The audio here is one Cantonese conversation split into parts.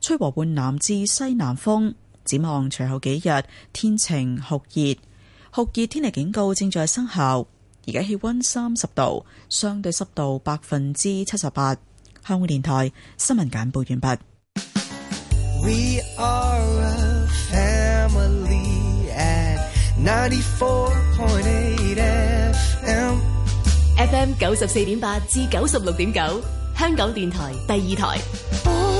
吹和緩南至西南風，展望隨後幾日天，天晴酷熱，酷熱天氣警告正在生效。而家氣溫三十度，相對濕度百分之七十八。香港電台新聞簡報完畢。We are a family at 94.8 FM. FM 九十四點八至九十六點九，9, 香港電台第二台。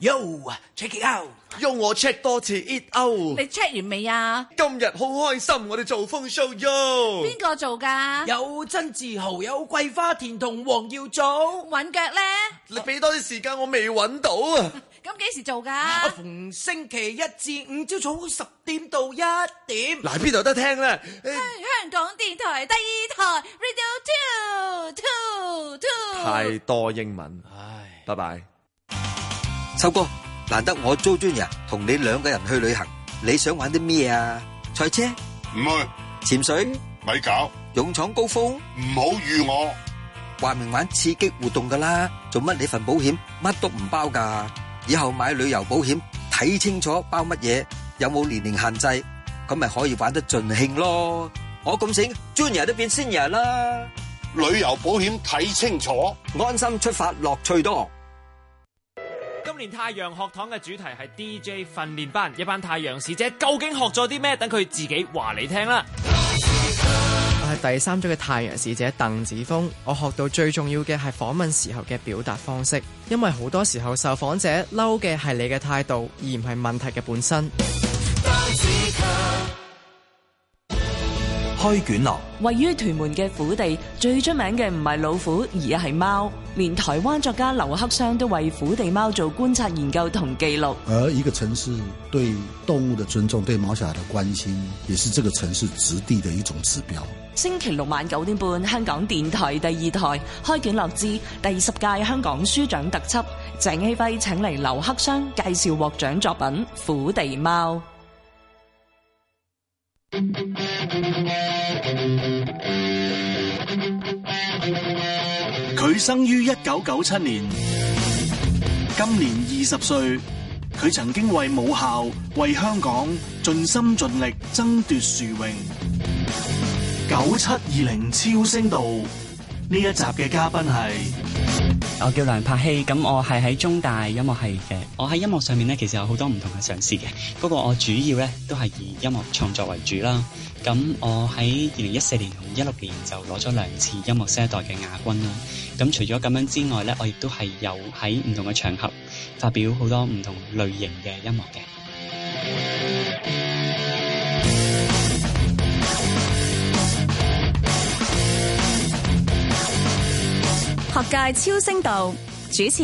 Yo，check it out。用我 check 多次 it out。你 check 完未啊？今日好開心，我哋做風 show 喲。邊個做噶？有曾志豪、有桂花田同黃耀祖。揾腳咧？你俾多啲時間，啊、我未揾到啊。咁幾時做噶？逢、啊、星期一至五朝早十點到一點。嗱，邊度有得聽咧、哎？香港電台第二台 Radio Two Two Two。太多英文，唉，拜拜。秋哥，難得我租專人同你兩個人去旅行，你想玩啲咩啊？賽車？唔去會。潛水？咪搞。勇闖高峰？唔好預我。話明玩刺激活動噶啦，做乜你份保險乜都唔包噶？以後買旅遊保險睇清楚包乜嘢，有冇年齡限制，咁咪可以玩得盡興咯。我咁醒，專人都變仙人啦。旅遊保險睇清楚，安心出發，樂趣多。今年太陽學堂嘅主題係 DJ 訓練班，一班太陽使者究竟學咗啲咩？等佢自己話你聽啦。我係第三組嘅太陽使者鄧子峰，我學到最重要嘅係訪問時候嘅表達方式，因為好多時候受訪者嬲嘅係你嘅態度，而唔係問題嘅本身。開卷樂，位於屯門嘅虎地最出名嘅唔係老虎，而係貓。連台灣作家劉克襄都為虎地貓做觀察研究同記錄。而、呃、一個城市對動物的尊重，對貓小孩的關心，也是這個城市質地的一種指標。星期六晚九點半，香港電台第二台開卷樂之第十屆香港書獎特輯，鄭希輝請嚟劉克襄介紹獲獎作品《虎地貓》。佢生於一九九七年，今年二十歲。佢曾經為母校、為香港盡心盡力爭奪殊榮。九七二零超聲道：「呢一集嘅嘉賓係。我叫梁柏希，咁我係喺中大音樂系嘅。我喺音樂上面咧，其實有好多唔同嘅嘗試嘅，不過我主要咧都係以音樂創作為主啦。咁我喺二零一四年同一六年就攞咗兩次音樂新一代嘅亞軍啦。咁除咗咁樣之外咧，我亦都係有喺唔同嘅場合發表好多唔同類型嘅音樂嘅。各界超聲道，主持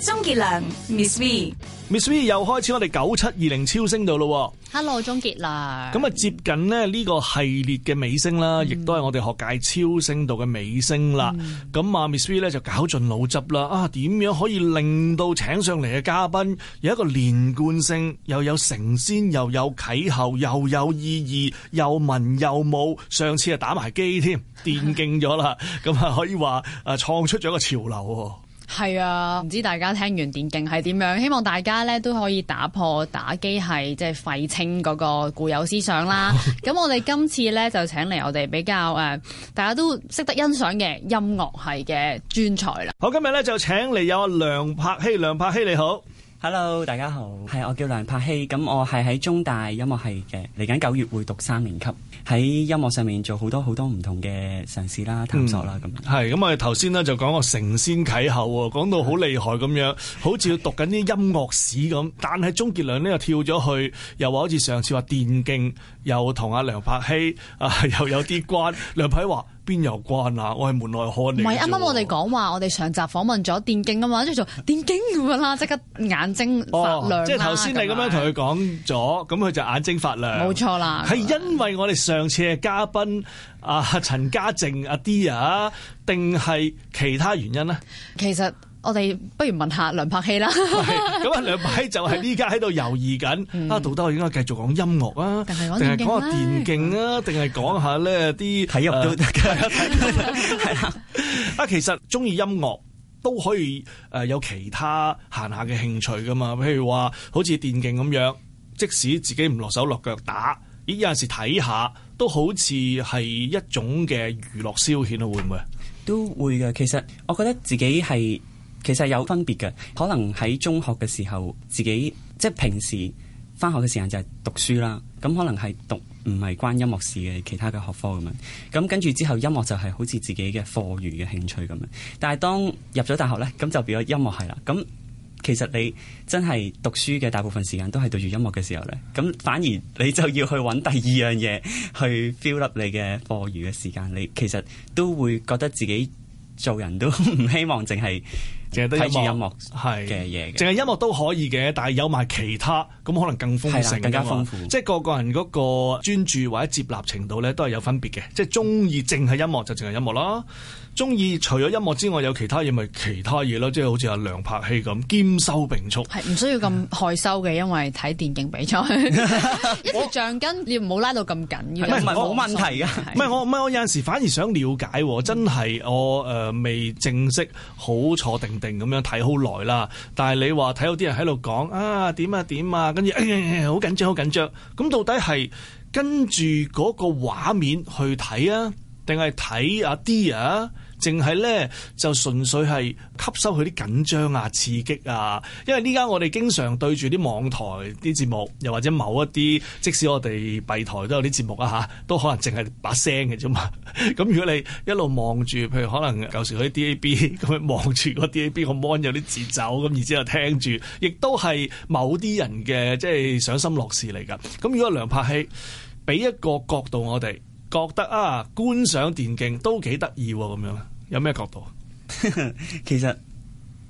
鍾傑良 Ms. V。Miss V 又開始我哋九七二零超聲度咯，Hello，終結啦。咁啊，接近咧呢個系列嘅尾聲啦，亦都係我哋學界超聲度嘅尾聲啦。咁啊，Miss V 咧就搞盡腦汁啦。啊，點樣可以令到請上嚟嘅嘉賓有一個連貫性，又有承先，又有啟後，又有意義，又文又武。上次啊打埋機添，電競咗啦。咁啊 可以話啊創出咗個潮流。係啊，唔知大家聽完電競係點樣，希望大家咧都可以打破打機係即係廢青嗰個固有思想啦。咁 我哋今次咧就請嚟我哋比較誒、呃，大家都識得欣賞嘅音樂系嘅專才啦。好，今日咧就請嚟有阿梁柏希，梁柏希你好。Hello，大家好，係我叫梁柏希，咁我係喺中大音樂系嘅，嚟緊九月會讀三年級，喺音樂上面做好多好多唔同嘅嘗試啦、探索啦咁。係、嗯，咁我哋頭先咧就講個承先啟後喎，講到厲是好厲害咁樣，好似要讀緊啲音樂史咁，但係鍾傑良呢又跳咗去，又話好似上次話電競，又同阿梁柏希啊又有啲關， 梁柏華。邊有關啊？我係門外漢，唔係啱啱我哋講話，我哋上集訪問咗電競啊嘛，即、就、係、是、做電競咁樣啦，即刻眼睛發亮、哦、即係頭先你咁樣同佢講咗，咁佢就眼睛發亮。冇錯啦，係因為我哋上次嘅嘉賓、呃、阿陳家靖阿 Dear，定係其他原因咧？其實。我哋不如問下梁柏希啦。咁啊，梁柏希就係依家喺度猶豫緊啊，到底我應該繼續講音樂啊，定係講下電競啊，定係講下呢啲？睇入到大家睇。係啊，啊，其實中意音樂都可以誒，以有其他閒下嘅興趣噶嘛？譬如話好似電競咁樣，即使自己唔落手落腳打，咦，有陣時睇下都好似係一種嘅娛樂消遣啊？會唔會啊？都會嘅。其實我覺得自己係。其實有分別嘅，可能喺中學嘅時候，自己即係平時返學嘅時間就係讀書啦。咁可能係讀唔係關音樂事嘅其他嘅學科咁樣。咁跟住之後，音樂就係好似自己嘅課餘嘅興趣咁樣。但係當入咗大學呢，咁就變咗音樂系啦。咁其實你真係讀書嘅大部分時間都係對住音樂嘅時候呢，咁反而你就要去揾第二樣嘢去 fill up 你嘅課餘嘅時間。你其實都會覺得自己做人都唔希望淨係。淨係都音樂系嘅嘢，淨係音樂都是可以嘅，但係有埋其他，咁可能更豐盛，更加豐富。即係個個人嗰個專注或者接納程度咧，都係有分別嘅。嗯、即係中意淨係音樂、嗯、就淨係音樂咯。中意除咗音樂之外，有其他嘢咪其他嘢咯？即係好似阿梁柏希咁兼收並蓄，係唔需要咁害羞嘅，因為睇電影比賽 一條橡筋，我你唔好拉到咁緊嗎要，唔係冇問題嘅。唔係我唔係我，我有陣時反而想了解，的真係我誒、呃、未正式好坐定定咁樣睇好耐啦。但係你話睇到啲人喺度講啊點啊點啊，跟住好緊張好緊張。咁到底係跟住嗰個畫面去睇啊，定係睇阿 D 啊？淨係咧就純粹係吸收佢啲緊張啊、刺激啊，因為呢家我哋經常對住啲網台啲節目，又或者某一啲，即使我哋閉台都有啲節目啊嚇，都可能淨係把聲嘅啫嘛。咁 如果你一路望住，譬如可能舊時嗰啲 DAB 咁樣望住嗰 DAB 個 mon DA 有啲節奏，咁然之後聽住，亦都係某啲人嘅即係賞心樂事嚟㗎。咁如果梁柏希俾一個角度我哋。覺得啊，觀賞電競都幾得意，咁樣，有咩角度啊？ 其實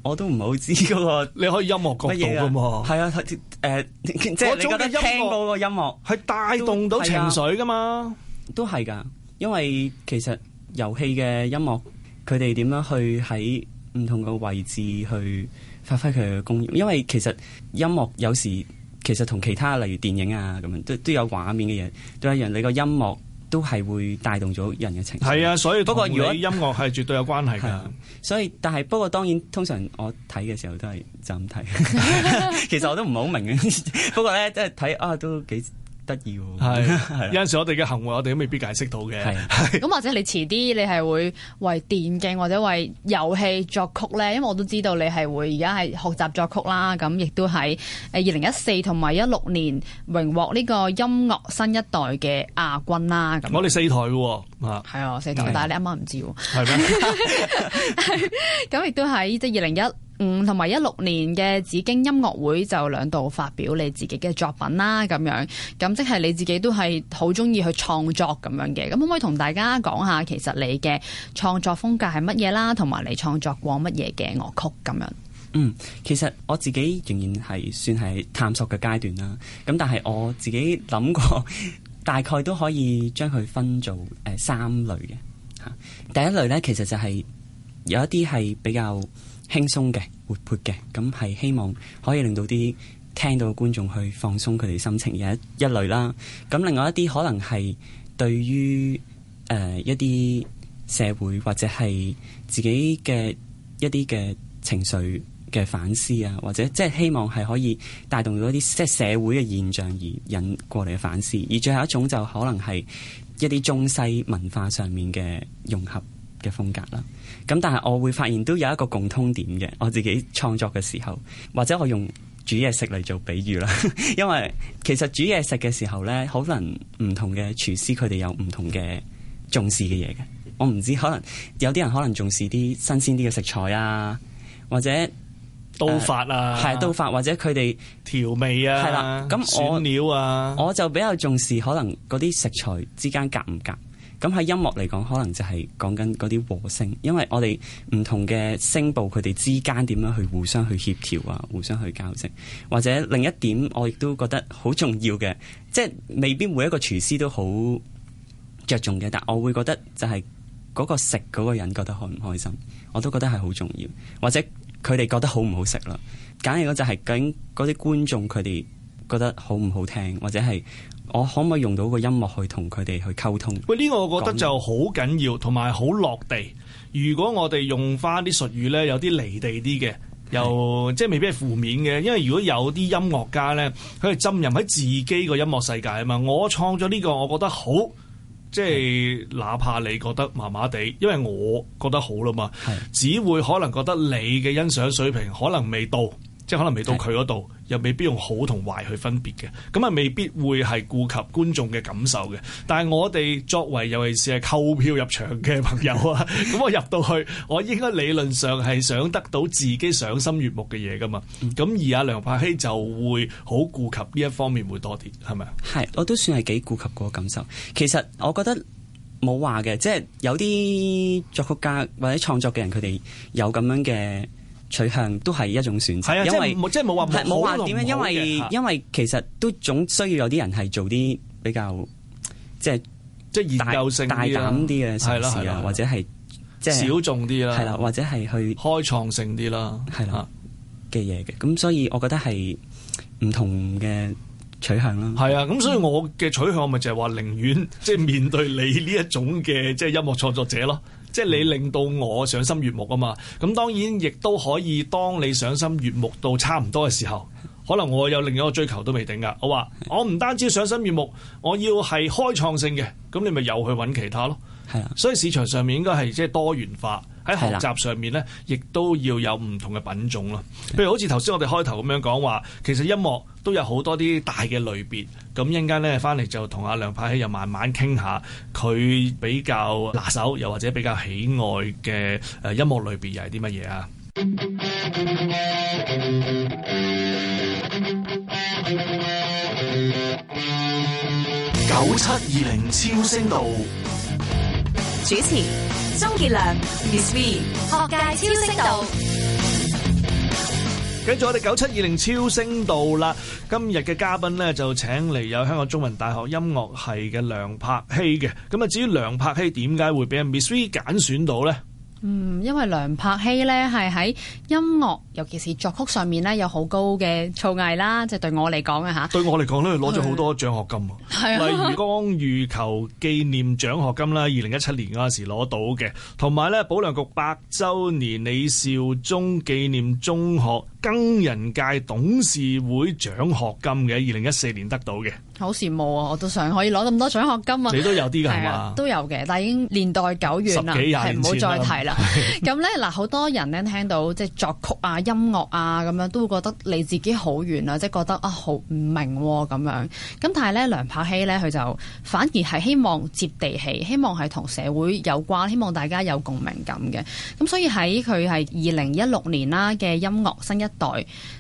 我都唔係好知噶 你可以音樂角度噶嘛？係啊，誒、呃，即係你覺得聽嗰個音樂，佢帶動到情緒噶嘛？都係噶，因為其實遊戲嘅音樂，佢哋點樣去喺唔同嘅位置去發揮佢嘅功用？因為其實音樂有時其實同其他例如電影啊咁樣，都都有畫面嘅嘢，都係一樣。你個音樂。都係會帶動咗人嘅情緒。係啊，所以，不過如果音樂係絕對有關係㗎、 啊。所以，但係，不過當然通常我睇嘅時候都係就咁睇。 其實我都唔係好明嘅。 不過咧，即係睇啊都幾得意喎，係有陣時我哋嘅行為，我哋都未必解釋到嘅。係咁，或者你遲啲你係會為電競或者為遊戲作曲咧，因為我都知道你係會而家係學習作曲啦。咁亦都喺誒二零一四同埋一六年榮獲呢個音樂新一代嘅亞軍啦。咁我哋四台喎，係啊四台，但係你啱啱唔知喎。係咩？咁亦都喺即係二零一。嗯，同埋一六年嘅紫荊音樂會就兩度發表你自己嘅作品啦，咁樣咁即係你自己都係好中意去創作咁樣嘅。咁可唔可以同大家講下，其實你嘅創作風格係乜嘢啦？同埋你創作過乜嘢嘅樂曲咁樣？嗯，其實我自己仍然係算係探索嘅階段啦。咁但係我自己諗過， 大概都可以將佢分做誒三類嘅吓。第一類咧，其實就係、是、有一啲係比較。輕鬆嘅、活潑嘅，咁係希望可以令到啲聽到嘅觀眾去放鬆佢哋心情而一類啦。咁另外一啲可能係對於誒、呃、一啲社會或者係自己嘅一啲嘅情緒嘅反思啊，或者即係希望係可以帶動到一啲即係社會嘅現象而引過嚟嘅反思。而最後一種就可能係一啲中西文化上面嘅融合嘅風格啦。咁但係我會發現都有一個共通點嘅，我自己創作嘅時候，或者我用煮嘢食嚟做比喻啦，因為其實煮嘢食嘅時候呢，可能唔同嘅廚師佢哋有唔同嘅重視嘅嘢嘅。我唔知可能有啲人可能重視啲新鮮啲嘅食材啊，或者刀法啊，係、呃、刀法或者佢哋調味啊，係啦，咁我料啊，我就比較重視可能嗰啲食材之間夾唔夾。咁喺音樂嚟講，可能就係講緊嗰啲和聲，因為我哋唔同嘅聲部佢哋之間點樣去互相去協調啊，互相去交織，或者另一點我亦都覺得好重要嘅，即係未必每一個廚師都好着重嘅，但我會覺得就係嗰個食嗰個人覺得開唔開心，我都覺得係好重要，或者佢哋覺得好唔好食啦，簡易講就係究竟嗰啲觀眾佢哋覺得好唔好聽，或者係。我可唔可以用到個音樂去同佢哋去溝通？喂，呢個我覺得就好緊要，同埋好落地。如果我哋用翻啲術語呢，有啲離地啲嘅，又是即係未必係負面嘅。因為如果有啲音樂家呢，佢係浸淫喺自己個音樂世界啊嘛。我創咗呢個，我覺得好，即係是哪怕你覺得麻麻地，因為我覺得好啦嘛，是只會可能覺得你嘅欣賞水平可能未到。即係可能未到佢嗰度，是又未必用好同壞去分別嘅，咁啊未必會係顧及觀眾嘅感受嘅。但係我哋作為尤其是係購票入場嘅朋友啊，咁 我入到去，我應該理論上係想得到自己賞心悅目嘅嘢噶嘛。咁、嗯嗯、而阿梁柏希就會好顧及呢一方面會多啲，係咪啊？係，我都算係幾顧及個感受。其實我覺得冇話嘅，即、就、係、是、有啲作曲家或者創作嘅人，佢哋有咁樣嘅。取向都係一種選擇，係啊，即係冇即係冇話冇話點樣，因為因為其實都總需要有啲人係做啲比較即係即係研究性大膽啲嘅事啊，或者係即係小眾啲啦，係啦，或者係去開創性啲啦，係啦嘅嘢嘅，咁所以我覺得係唔同嘅取向啦。係啊，咁所以我嘅取向咪就係話寧願即係面對你呢一種嘅即係音樂創作者咯。即係你令到我賞心悅目啊嘛，咁當然亦都可以當你賞心悅目到差唔多嘅時候，可能我有另一個追求都未定㗎。我話我唔單止賞心悅目，我要係開創性嘅，咁你咪又去揾其他咯。係啦，所以市場上面應該係即係多元化，喺學習上面咧，亦都要有唔同嘅品種咯。譬如好似頭先我哋開頭咁樣講話，其實音樂都有好多啲大嘅類別。咁一陣間咧返嚟就同阿梁柏希又慢慢傾下，佢比較拿手又或者比較喜愛嘅誒音樂類別又係啲乜嘢啊？九七二零超聲道。主持鍾傑良 Miss V 學界超聲道，跟住我哋九七二零超聲道啦。今日嘅嘉賓咧就請嚟有香港中文大學音樂系嘅梁柏希嘅。咁啊，至於梁柏希點解會俾 Miss V 揀選到咧？嗯，因為梁柏希咧係喺音樂，尤其是作曲上面咧有好高嘅造詣啦。即係對我嚟講啊吓，對我嚟講咧攞咗好多獎學金， 是啊，係例如光預求紀念獎學金啦，二零一七年嗰陣時攞到嘅，同埋咧保良局百周年李兆忠紀念中學。更人界董事會獎學金嘅，二零一四年得到嘅，好羨慕啊！我都想可以攞咁多獎學金啊！你都有啲嘅係嘛？都有嘅，但係已經年代久遠啦，係唔好再提啦。咁咧嗱，好多人咧聽到即係作曲啊、音樂啊咁樣，都會覺得你自己好遠啊，即係覺得啊好唔明咁樣。咁但係咧，梁柏希咧，佢就反而係希望接地氣，希望係同社會有關，希望大家有共鳴感嘅。咁所以喺佢係二零一六年啦嘅音樂新一代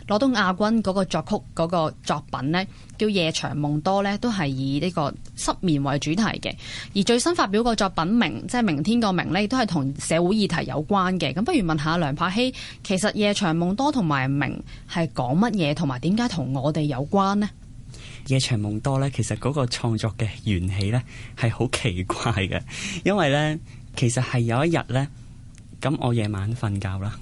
攞到亞軍嗰個作曲嗰個作品呢，叫《夜長夢多》呢都係以呢個失眠為主題嘅。而最新發表個作品《明》，即係明天個《明》呢，都係同社會議題有關嘅。咁不如問下梁柏希，其實《夜長夢多》同埋《明》係講乜嘢，同埋點解同我哋有關呢？《夜長夢多》呢，其實嗰個創作嘅緣起呢，係好奇怪嘅，因為呢，其實係有一日呢，咁我夜晚瞓覺啦。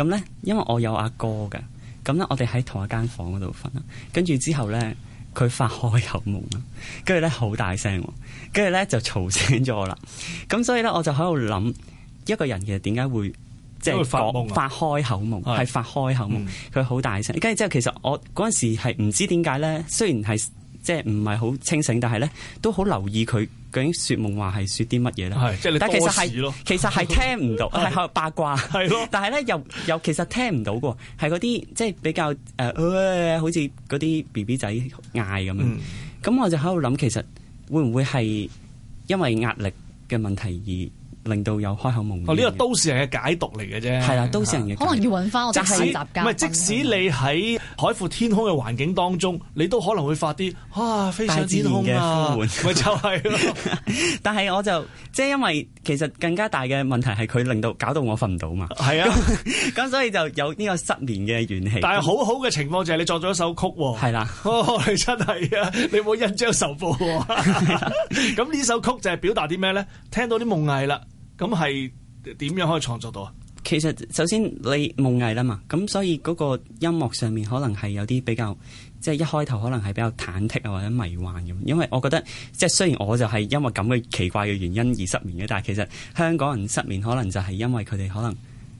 咁咧，因為我有阿哥嘅，咁咧我哋喺同一間房嗰度瞓，跟住之後咧，佢發開口夢啦，跟住咧好大聲，跟住咧就嘈醒咗我啦。咁所以咧，我就喺度諗，一個人其實點解會即係發夢、啊，發開口夢，係是發開口夢，佢好、嗯、大聲。跟住之後，其實我嗰陣時係唔知點解咧，雖然係。即係唔係好清醒，但係咧都好留意佢究竟說夢話係說啲乜嘢咧。係，即係你多事咯。其實係時聽唔到，係喺度八卦。係咯是的。但係咧又又其實聽唔到嘅，係嗰啲即係比較誒、呃，好似嗰啲 BB 仔嗌咁樣。咁、嗯、我就喺度諗，其實會唔會係因為壓力嘅問題而令到有開口夢。哦，呢個都市人嘅解讀嚟嘅啫。係啊，都市人亦可能要揾翻我就去唔係，即使你喺海闊天空嘅環境當中，你都可能會發啲啊，非常之空嘅呼喚。咪就係咯。但係我就即係因為其實更加大嘅問題係佢令到搞到我瞓唔到嘛。係啊，咁所以就有呢個失眠嘅元氣。但係好好嘅情況就係你作咗一首曲。係啦，真係啊，你冇恩將仇報。咁呢首曲就係表達啲咩咧？聽到啲夢藝啦。咁係點樣可以創作到啊？其實首先你夢藝啦嘛，咁所以嗰個音樂上面可能係有啲比較，即係一開頭可能係比較忐忑啊或者迷幻咁。因為我覺得即係雖然我就係因為咁嘅奇怪嘅原因而失眠嘅，但係其實香港人失眠可能就係因為佢哋可能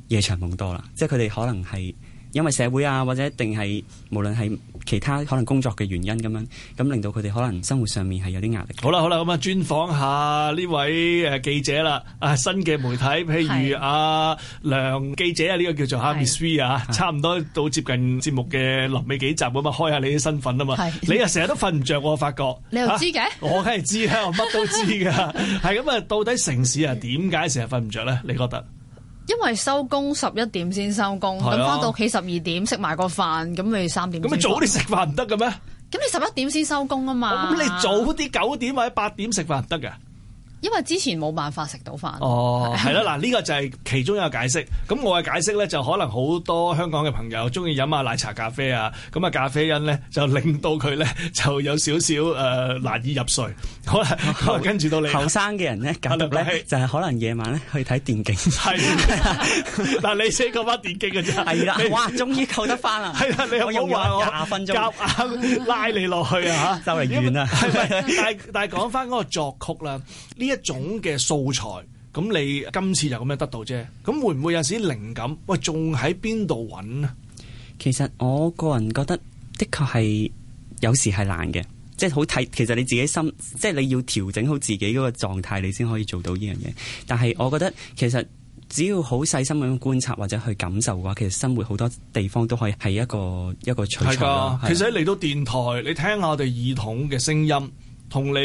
夜長夢多啦，即係佢哋可能係。因為社會啊，或者一定係無論係其他可能工作嘅原因咁樣，咁令到佢哋可能生活上面係有啲壓力好。好啦好啦，咁啊專訪下呢位誒記者啦，啊新嘅媒體，譬如阿、啊、梁記者啊，呢、呢個叫做阿 Ms V 啊，差唔多到接近節目嘅臨尾幾集咁啊，開下你啲身份啊嘛，是你啊成日都瞓唔着我發覺 你又知嘅、啊，我梗係知啦，我乜都知噶，係咁啊，到底城市啊點解成日瞓唔着咧？你覺得？因為收工十一點先收工，咁翻、啊、到屋企十二點食埋個飯，咁你三點。咁你,你早啲食飯唔得嘅咩？咁你十一點先收工啊嘛，咁你早啲九點或者八點食飯唔得嘅。因為之前冇辦法食到飯哦，係啦，嗱呢個就係其中一個解釋。咁我嘅解釋咧就可能好多香港嘅朋友中意飲下奶茶、咖啡啊，咁啊咖啡因咧就令到佢咧就有少少誒難以入睡。可能跟住到你後生嘅人咧，搞得咧就係可能夜晚咧去睇電競。係，但你寫過翻電競嘅啫。係啦，哇，終於救得翻啦。係啦，你又好話我廿分鐘，拉你落去啊，就嚟完啦。係咪？但但係講翻嗰個作曲啦，一種嘅素材，咁你今次就咁樣得到啫。咁會唔會有啲靈感？喂，仲喺邊度揾呢？其實我個人覺得的確係有時係難嘅，即係好睇。其實你自己心，即係你要調整好自己嗰個狀態，你先可以做到呢樣嘢。但係我覺得，其實只要好細心咁觀察或者去感受嘅話，其實生活好多地方都可以係一個一個取材。係啊的，的其實嚟到電台，你聽下我哋耳筒嘅聲音。同你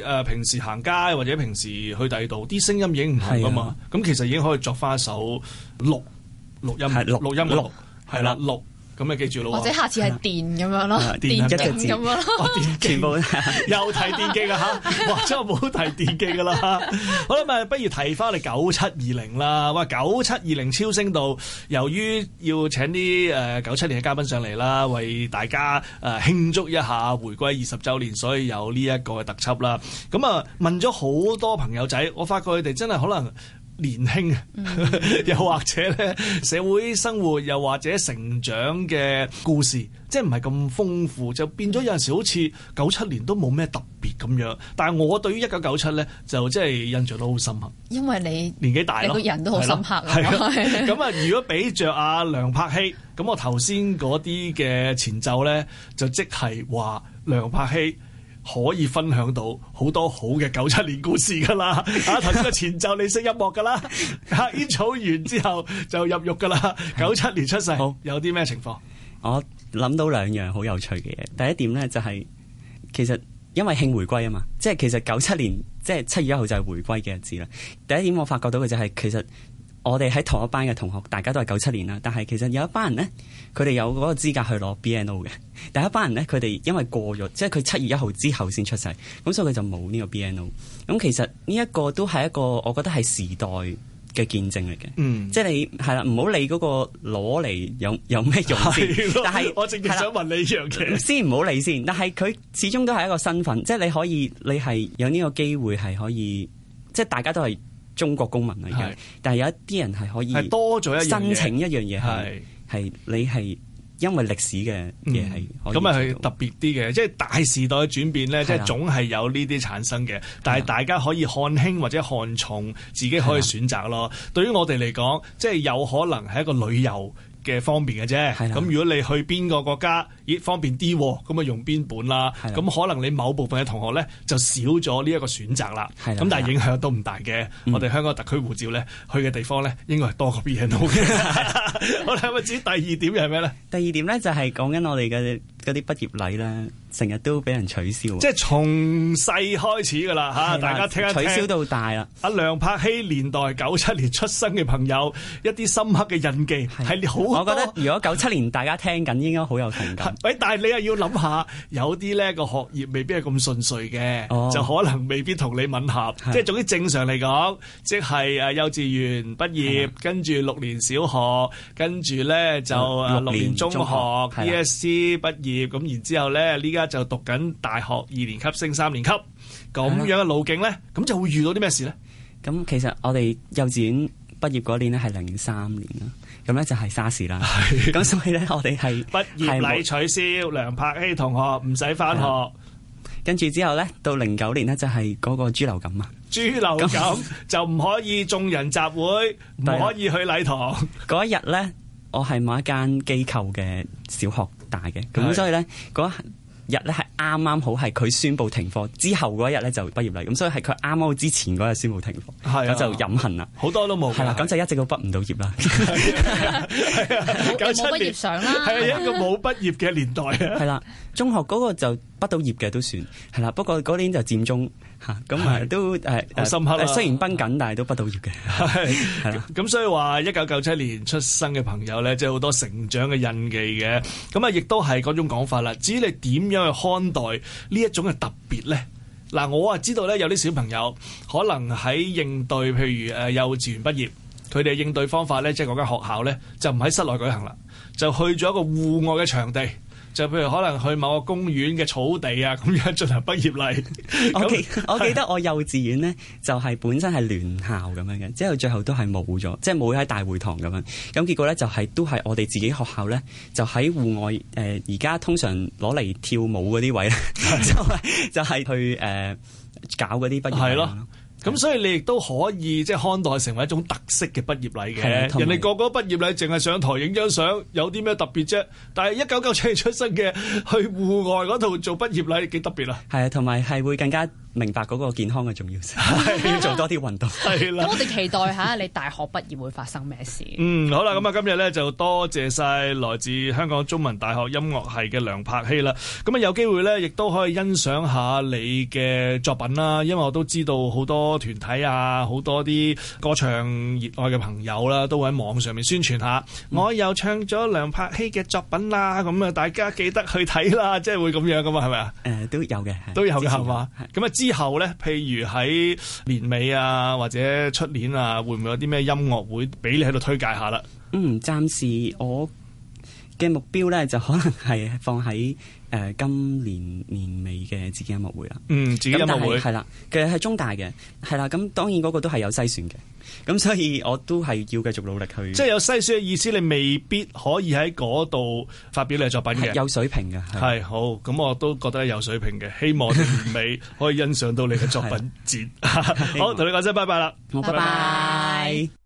誒平時行街或者平時去第二度啲聲音已經唔同㗎嘛，咁是、啊、其實已經可以作返一首錄錄音錄音錄係啦，錄。咁咪記住咯，或者下次係電咁樣咯，電一個字咁樣咯，電機，又提電機啦吓，哇、 啊，真係冇提電機噶啦，好啦，咪，不如提翻你九七二零啦，哇，九七二零超升度，由於要請啲誒九七年嘅嘉賓上嚟啦，為大家誒慶祝一下回歸二十週年，所以有呢一個嘅特輯啦。咁啊，問咗好多朋友仔，我發覺佢哋真係可能。年輕， 又或者咧，社會生活又或者成長嘅故事，即係唔係咁豐富，就變咗有陣時好似九七年都冇咩特別咁樣。但係我對於一九九七咧，就即係印象都好深刻。因為你年紀大，你個人都好深刻。係咁啊，的 如果比着阿梁柏希，咁我頭先嗰啲嘅前奏咧，就即係話梁柏希，可以分享到好多好嘅九七年故事噶啦，啊頭先嘅前奏你識音樂噶啦，黑煙、 啊、草完之後就入獄噶啦，九七 年出世，好有啲咩情況？我諗到兩樣好有趣嘅嘢，第一點咧就係、是、其實因為慶回歸啊嘛，即係其實九七年即係七月一號就係回歸嘅日子啦。第一點我發覺到嘅就係其實。我哋喺同一班嘅同學，大家都係九七年啦。但係其實有一班人咧，佢哋有嗰個資格去攞 BNO 嘅。但一班人咧，佢哋因為過咗，即係佢七月一號之後先出世，咁所以佢就冇呢個 BNO。咁其實呢一個都係一個，我覺得係時代嘅見證嚟嘅。嗯，即係你係啦，唔好理嗰個攞嚟有有咩用。 但係是我淨係想問你一樣嘢的。 先唔好理先，但係佢始終都係一個身份，即係你可以，你係有呢個機會係可以，即係大家都係。中國公民嚟嘅，但係有一啲人係可以多咗一申請一樣嘢，係係是你係因為歷史嘅嘢係咁係特別啲嘅，即係大時代嘅轉變咧，即係總係有呢啲產生嘅。啊、但係大家可以看輕或者看重，自己可以選擇咯。啊、對於我哋嚟講，即係有可能係一個旅遊嘅方便嘅啫，咁的如果你去邊個國家，咦、哎、方便啲，咁啊用邊本啦？咁的可能你某部分嘅同學咧就少咗呢一個選擇啦。咁的但係影響都唔大嘅。的我哋香港特區護照咧、嗯、去嘅地方咧，應該係多過 BNO 嘅。的 好啦，咁啊，第二點又係咩咧？ 第二點咧就係講緊我哋嘅啲畢業禮啦。成日都俾人取消，即係從細開始噶啦吓，大家聽下取消到大啊！阿梁柏希年代九七年出生嘅朋友，一啲深刻嘅印記係好。我覺得如果九七年大家聽緊，應該好有同感。喂，但係你又要諗下，有啲咧個學業未必係咁順遂嘅，就可能未必同你吻合。即係總之正常嚟講，即係誒幼稚園畢業，跟住六年小學，跟住咧就六年中學，DSE 畢業，咁然之後咧呢家。就讀緊大學二年級升三年級咁樣嘅路徑咧，咁就會遇到啲咩事咧？咁其實我哋幼稚園畢業嗰年咧係零三年啦，咁咧就係沙士啦。咁所以咧，我哋係畢業禮取消，梁柏希同學唔使翻學。跟住之後咧，到零九年咧就係嗰個豬流感啊！豬流感就唔可以眾人集會，唔可以去禮堂。嗰一日咧，我係某一間機構嘅小學大嘅，咁所以咧嗰日咧係啱啱好係佢宣布停課之後嗰一日咧就畢業啦，咁所以係佢啱啱好之前嗰日宣布停課，咁、啊、就飲恨啦。好多都冇係啦，咁、啊、就一直都畢唔到業啦。冇畢業上啦，係一個冇畢業嘅年代 啊。係啦，中學嗰個就畢到業嘅都算係啦、啊，不過嗰年就占中。吓，咁係都係好深刻咯。雖然繃緊，但係都畢到業嘅，係啦。咁所以話一九九七年出生嘅朋友咧，即係好多成長嘅印記嘅。咁啊，亦都係嗰種講法啦。至於你點樣去看待呢一種嘅特別咧？嗱，我啊知道咧，有啲小朋友可能喺應對，譬如，誒幼稚園畢業，佢哋應對方法咧，即係嗰間學校咧，就唔喺室內舉行啦，就去咗一個戶外嘅場地。就譬如可能去某個公園嘅草地啊，咁樣進行畢業禮。我 記、 嗯、我記得我幼稚園咧，就係本身係聯校咁樣嘅，之後最後都係冇咗，即係冇喺大會堂咁樣。咁結果咧就係都係我哋自己學校咧，就喺戶外誒，而家通常攞嚟跳舞嗰啲位咧， 就係就係去誒搞嗰啲畢業禮。咁所以你亦都可以即係看待成為一種特色嘅畢業禮嘅，人哋個個畢業禮淨係上台影張相，有啲咩特別啫？但係一九九七年出生嘅，去戶外嗰度做畢業禮幾特別啊！係啊，同埋係會更加明白嗰個健康嘅重要性，要做多啲運動係啦。咁我哋期待下你大學畢業會發生咩事？嗯，好啦，咁啊今日咧就多謝晒來自香港中文大學音樂系嘅梁柏希啦。咁啊有機會咧亦都可以欣賞下你嘅作品啦，因為我都知道好多。多團體啊，好多啲歌唱熱愛嘅朋友啦、啊，都會喺網上面宣傳下。嗯、我又唱咗梁柏希嘅作品啦，咁啊，大家記得去睇啦，即係會咁樣噶嘛，係咪啊？誒、呃，都有嘅，都有嘅係嘛。咁啊，吧的之後咧，譬如喺年尾啊，或者出年啊，會唔會有啲咩音樂會俾你喺度推介下啦？嗯，暫時我嘅目標咧，就可能係放喺誒、呃、今年年尾嘅自己音樂會啦。嗯，自己音樂會係啦，其實係中大嘅，係啦。咁當然嗰個都係有篩選嘅。咁所以我都係要繼續努力去。即係有篩選嘅意思，你未必可以喺嗰度發表你嘅作品嘅。有水平嘅係好，咁我都覺得有水平嘅，希望年尾可以欣賞到你嘅作品節。 的 好，同望你講聲拜拜啦，拜拜。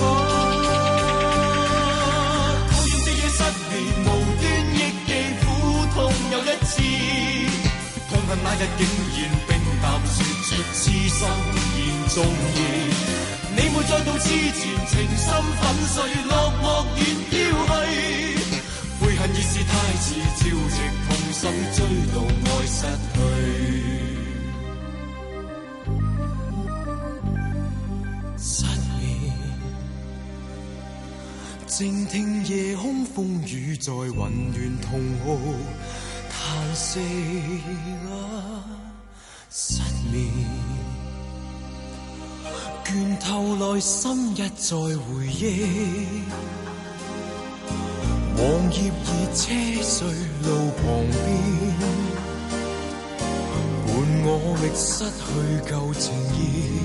啊！苦厭的夜失眠，無端憶記苦痛又一次。痛恨那日竟然冰淡，説出痴心言中意。你沒再到之前，情深粉碎，落寞遠飄去。悔恨已是太遲，朝夕痛心追到愛失去。靜聽夜空風雨在混亂同哭，嘆息啊失眠，倦透內心一再回憶，黃葉已車碎路旁邊，伴我覓失去舊情意。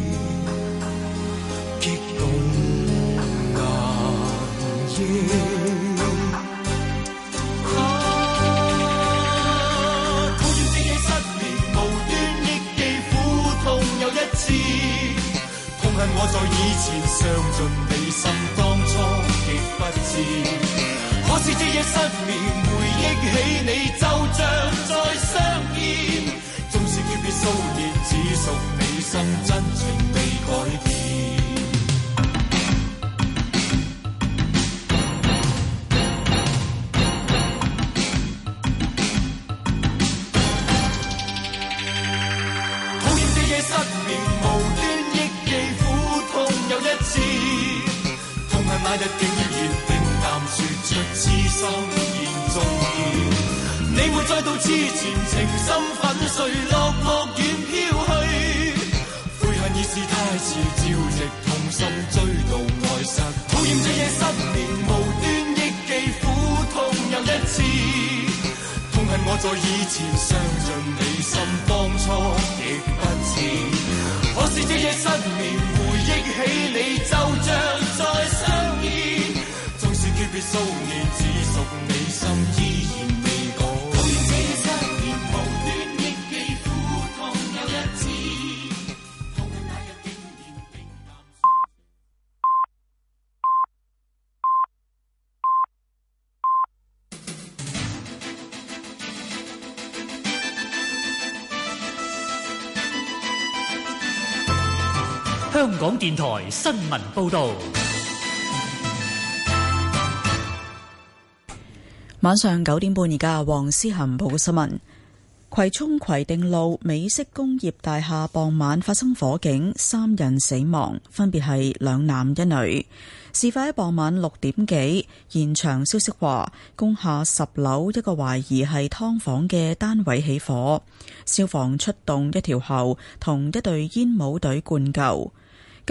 苦短自己失眠，無端亦記苦痛又一次。痛恨我在以前傷盡你心，當初極不知。可惜這夜失眠，回憶起你就像再相見。縱使訣別數年，只屬你心，真情未改變。之前情深粉碎，落寞遠飄去。悔恨已是太遲，招集痛心追悼愛失，討厭這夜失眠，無端憶記苦痛又一次。痛恨我在以前傷盡你心，當初亦不智。可是這夜失眠，回憶起你就像在相見。縱使訣別數年，只電台新聞報道，晚上九點半，而家黃思涵報新聞。葵涌葵定路美式工業大廈傍晚發生火警，三人死亡，分別係兩男一女。事發喺傍晚六點幾。現場消息話，工廈十樓一個懷疑係劏房嘅單位起火，消防出動一條喉，同一隊煙帽隊灌救。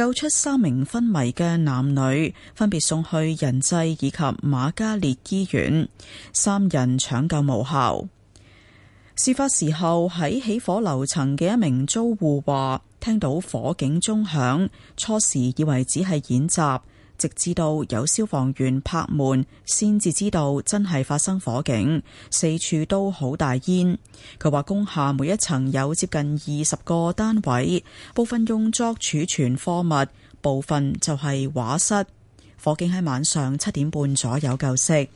救出三名昏迷嘅男女，分別送去仁濟以及瑪嘉烈醫院，三人搶救無效。事發時候喺起火樓層嘅一名租戶話，聽到火警鐘響，初時以為只係演習。直至到有消防員拍門，先至知道真係發生火警，四處都好大煙。佢話工廈每一層有接近二十個單位，部分用作儲存貨物，部分就係畫室。火警喺晚上七點半左右救熄。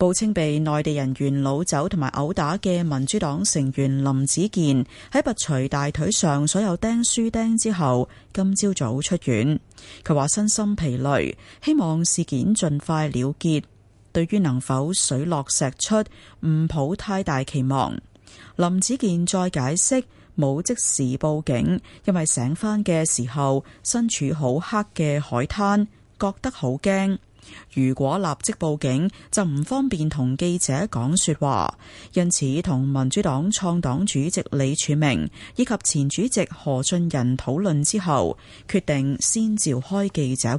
報稱被內地人員擄走同埋毆打嘅民主黨成員林子健，喺拔除大腿上所有釘書釘之後，今朝早出院。佢話身心疲累，希望事件盡快了結。對於能否水落石出，唔抱太大期望。林子健再解釋冇即時報警，因為醒返嘅時候身處好黑嘅海灘，覺得好驚。如果立即報警，就唔方便同記者講說話，因此同民主黨創黨主席李柱銘以及前主席何俊仁討論之後，決定先召開記者會。